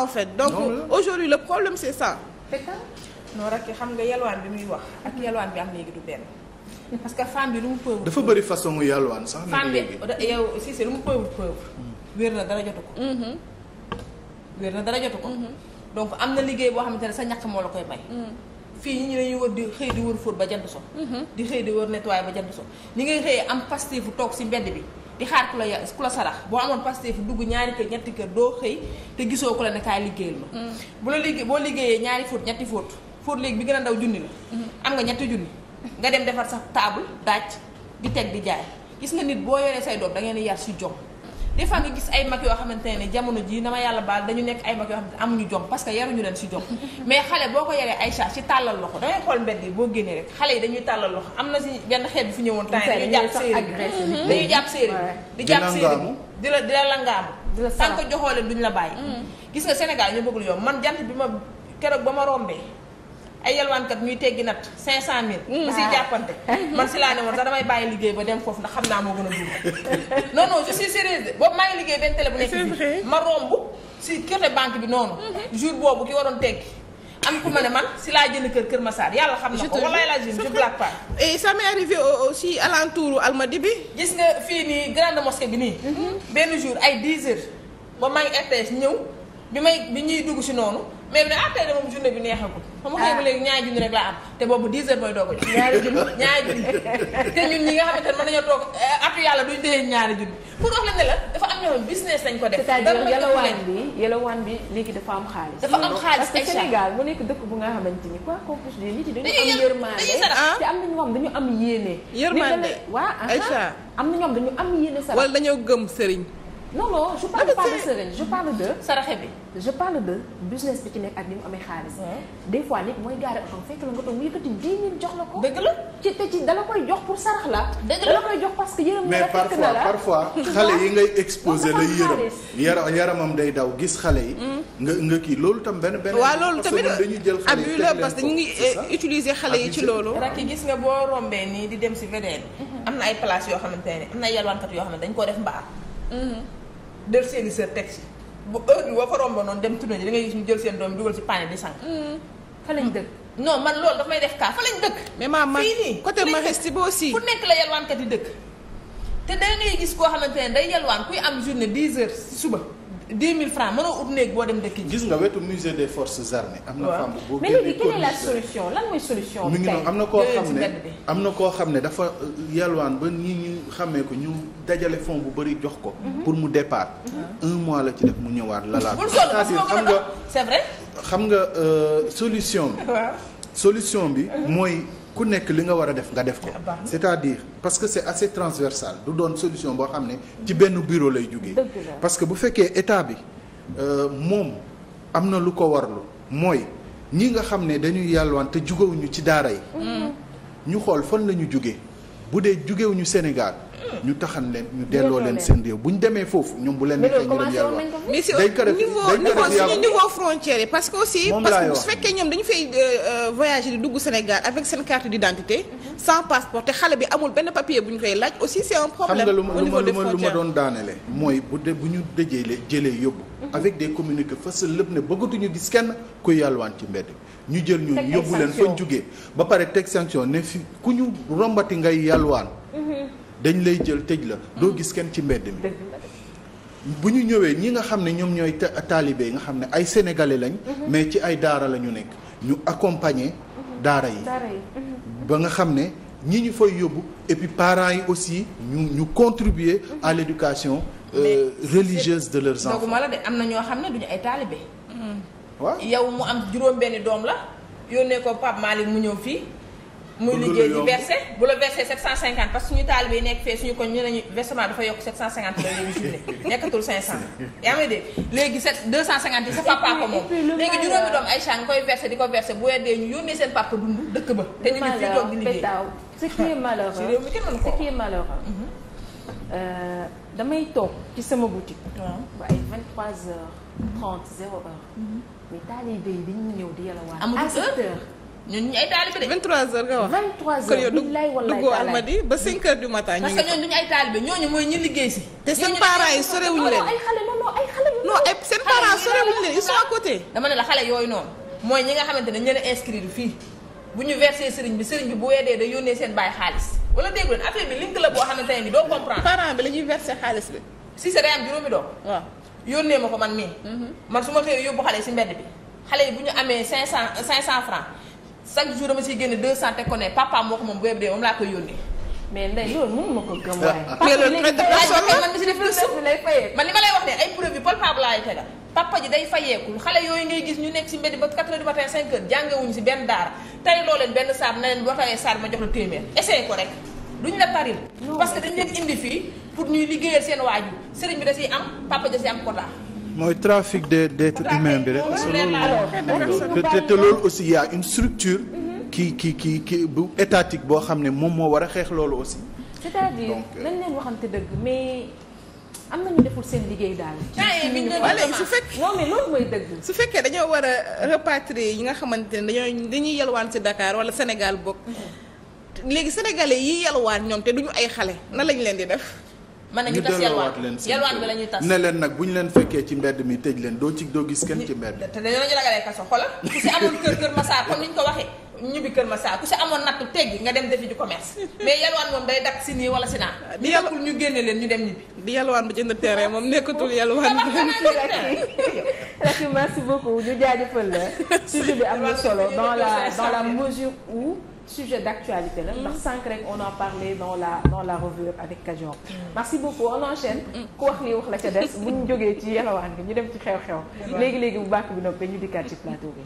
ça en fait. donc aujourd'hui le problème c'est ça. non rek xam nga yalwaan bi muy wax ak yalwaan bi am léegi du benn parce que femme bi lu mu pauvre. dafa bëri façon mu yalwaan sax. femme bi yow si si lu mu pauvre pauvre. wér na dara jotu ko. Mm-hmm. wér na dara jotu ko. Mm-hmm. donc am na liggéey boo xam ne sa ñaq moo la koy may. Mm. fii ñi ñu dañuy wër di xëy di wër fóot ba jant so. Mm-hmm. di xëy di wër nettoyer ba jant so. ñi ngay xëyee am pasté fu toog si mbedd bi. di xaar ku la ku la sarax boo amoon Pastef dugg ñaari kër ñetti kër doo xëy te gisoo ko la ne kaay liggéeyal ma mm. bu la liggéey boo liggéeyee ñaari fóot ñetti fóot fóot léegi bi gën a ndaw junni la mm-hmm. am nga ñetti junni nga dem defar sax table daaj di teg di jaay gis nga nit boo yoree say doom da ngeen yar si jom des fois nga gis ay mag yoo xamante ne jamono ji dama yàlla baal dañu nekk ay mag yoo xamante ne amuñu jom parce que yaruñu leen si jom mais xale boo ko yaree Aïcha ci tàllal loxo dangay xool mbedd yi boo génnee rek xale yi dañuy tàllal loxo am na si benn xeet bi fi ñëwoon temps dañuy jàpp séeréer dañuy jàpp séeréer di jàpp séeréer bi di la di la langaamu tànk ko joxoo leen duñ la bàyyi mm. gis nga Sénégal ñu bëggul yomb man jant bi ma keroog ba ma rombee ay yalwaankat ñuy teggi nat 500000. Hmm. waaw ba siy jàppante. man si laa ne woon sax damay bàyyi liggéey ba dem foofu ndax xam naa moo gën a dugg. non non boobu bi noonu. Mm-hmm. jour boobu ki waroon teggi. am ku ne man si laa jënd kër Kër Massar yàlla xam na ko walaay la jënd je blague pas. et ça m'est arrivé aussi alentour Almadi bi. gis nga fii nii grande mosquée bi nii. Mm-hmm. benn jour ay 10 heures ba maa ngi RTS ñëw bi may bi ñuy dugg si noonu. mais bi ne ah tey de moom journée bi neexagul. xam nga xëy ba léegi ñaari junni rek laa am a jot. ñaari junni nga eh, am ñoom business lañ ko def. cest am mu nekk dëkk bu nga xamante ni quoi qu'on puisse dire nit yi dañu am yërmande te am na ñoo xam dañu am yéene. yërmande waaw uh-huh. am na ñoom dañu am yéene. dañoo gëm sëriñ non non je parle pas de saraxe bi. je parle de business bi ci nekk ak ni mu amee xaalis. des fois nit mooy gaare oto fekk la nga toog mu yëkkati 10 000 jox la ko. dëgg la ci koy jox pour sarax la. dëgg la dala koy jox parce que yërëm na la fekk na la mais parfois parfois xale yi ngay exposé lay day daw gis xale yi. Mm. nga nga kii loolu tam benn benn. waaw loolu tamit abus la parce que ñu ngi eh, utiliser xale yi ci loolu. gis nga boo rombee nii di dem si VDN. Mm-hmm. am na ay place yoo xamante ne na ay yoo xam ne dañ koo def mbaa mm-hmm. del seen i sër teg si bu heure bi boo fa noonu dem tournée ji da ngay gis ñu jël seen doom dugal ci paañ di sang. fa lañ dëkk. non man loolu daf may def kaa fa lañ dëkk. mais maam man côté Mariste bi aussi. fu nekk la yalwaankat yi dëkk. te da ngay gis koo xamante ne day yalwaan kuy am journée 10 heures suba. dix mille francs mënoo ut néeg boo dem dëkk ji. gis nga wetu musée des forces armées. am na femme boo génnee mais léegi quelle solution lan mooy solution. mu ngi noonu am na koo xam ne am na koo xam ne dafa euh, yalwaan ba ñi ñu xamee ko ñu dajale fond bu bëri jox ko. Mhm. pour mu départ. Mhm. un mois la ci def mu ñëwaat lalaat. bul sonn parce que xam nga c'est xam nga solution bi. solution bi mhm. mooy. ku nekk li nga war a def nga def ko ah, c'est-à-dire parce que c'est assez transversal du doon solution boo xam ne ci benn bureau lay jógee parce que bu fekkee état bi euh, moom am na lu ko warlu mooy ñi nga xam ne dañuy yàlwaan te jugewuñu ci daara yi mm-hmm. ñu xool fan la ñu jugee bu dee jugewuñu Sénégal ñu taxan leen ñu delloo leen seen réew bu ñu demee foofu ñoom bu leen nekkee ñu dem yàlla mais si niveau niveau suñu niveau frontière yi parce que euh, euh, mhm. bi amul benn papier bu ñu laaj aussi c'est doon daanele mooy bu dee bu ñu dëjee le jëlee yóbbu mhm. avec des communiqués fësal lépp ne bëggatuñu gis kenn kuy yàlwaan ci mbedd ñu jël ñu yóbbu leen fañ jugee ba pare teg sanction ne fi ku ñu rombati ngay yàlwaan mhm. dañ lay jël tëj la loo gis kenn ci mbedd mi bu ñu ñëwee ñi nga xam ne ñoom ñooy taalibe yi nga xam ne ay sénégalais lañ mhm. mais ci ay daara la ñu nekk ñu accompagner mhm. daara yi mhm. ba nga xam ne ñi ñu foy yóbbu et puis parents yi aussi ñu ñu contribuer à l'éducation euh, religieuse de leurs enfants dooguma la de am na ñoo xam ne duñu ay taalibe waaw yow mu am juróom benni doom la yónnee ko Pape Malick mu ñëw fii muy liggéey ñu versé bu la versé 750 parce que suñu taalibe yi nekk fee suñu ko ñu nañu versement dafa yokk 750 la ñuy jublé nekkatul 500 yaa ngi dégg léegi 7 250 yi moom léegi juróomi doom Aïcha nga koy versé di ko versé bu weddee ñu yónnee seen papa dund dëkk ba te ñu ngi fii di liggéey ce qui est malheureux ce qui est mhm. euh, mhm. di yalawaan à ñun ñu ay taalibe de. 23h nga wax 23h billaay wallaay dugg ba 5h du matin. ñu ngi parce que ñun duñu ay taalibe ñooñu mooy ñi liggéey si. te seen parents yi sorewuñu leen ay xale non non ay seen parents sorewuñu leen ils sont côté. dama ne la xale yooyu noonu mooy ñi nga xamante ne ñu leen inscrire fii bu ñu versé sëriñ bi sëriñ bi bu weedee da yónnee seen bàyyi xaalis wala dégg leen affaire bi link la boo xamante ne ni doo comprendre. parent bi la ñuy versé xaalis bi. si sa day am juróomi doom. waaw yónnee ma ko man mii. Mhm. man su ma xëyee yóbbu xale si mbedd xale yi bu ñu amee 500 500 francs chaque jour dama génne 200 te ko ne papaam moo moom boobu de moom laa koy yónnee. mais ndey loolu ma ko gëm ah, waaye. man li ma lay wax ne ay preuve yu palpable laay tegal papa ji day fayeekul xale yooyu ngay gis ñu nekk si mbedd ba 4 du matin 5 heures jàngewuñu si benn daara tari loo benn saar na leen boo tawee saar ma jox la téeméer essayé ko rek duñu la taril parce que dañu leen indi fii pour ñuy liggéeyal seen waajur sëriñ bi da siy am papa mooy trafic de d'être humain bi rek parce que loolu te loolu aussi y a une structure qui qui qui qui bu étatique boo xam ne moom moo war a xeex loolu aussi c'est-à-dire euh, nañ dëgg mais am nañu deful seen liggéey ah, eh, su fekkee dëgg. su fekkee dañoo war a repatrier yi nga xamante ne dañoo dañuy yalwaan si Dakar wala Sénégal bokk mhm. léegi sénégalais yi yalwaan ñoom te duñu ay xale na lañ leen di def. mën nañu tas yalwaan yalwaan bi la ñuy tas ne leen nag bu ñu leen fekkee ci mbedd mi tëj leen doo ci doo gis kenn ci mbedd te dañoo ñu ragalee kaso xoolal ku si amoon kër kër Masaar comme ni ñu ko waxee ñibbi kër Masaar ku si amoon nattu teggi nga dem defi ji commerce yalwaan moom day dakk si nii wala si naa di yàkkul ñu génne leen ñu dem ñibbi di yalwaan bu jënd terrain moom nekkatul yalwaan merci beaucoup ñu jaajëfal la sujet bi am na solo la dans sujet d'actualité la ndax sànq rek on en parlé dans la dans la revue avec Kajor merci beaucoup on enchaîne ku wax lii wax la ca des bu ñu jógee ci yelawaan gi ñu dem ci xew-xew léegi-léegi bu bàkk bi noppee ñu dikkaat ci plateau bi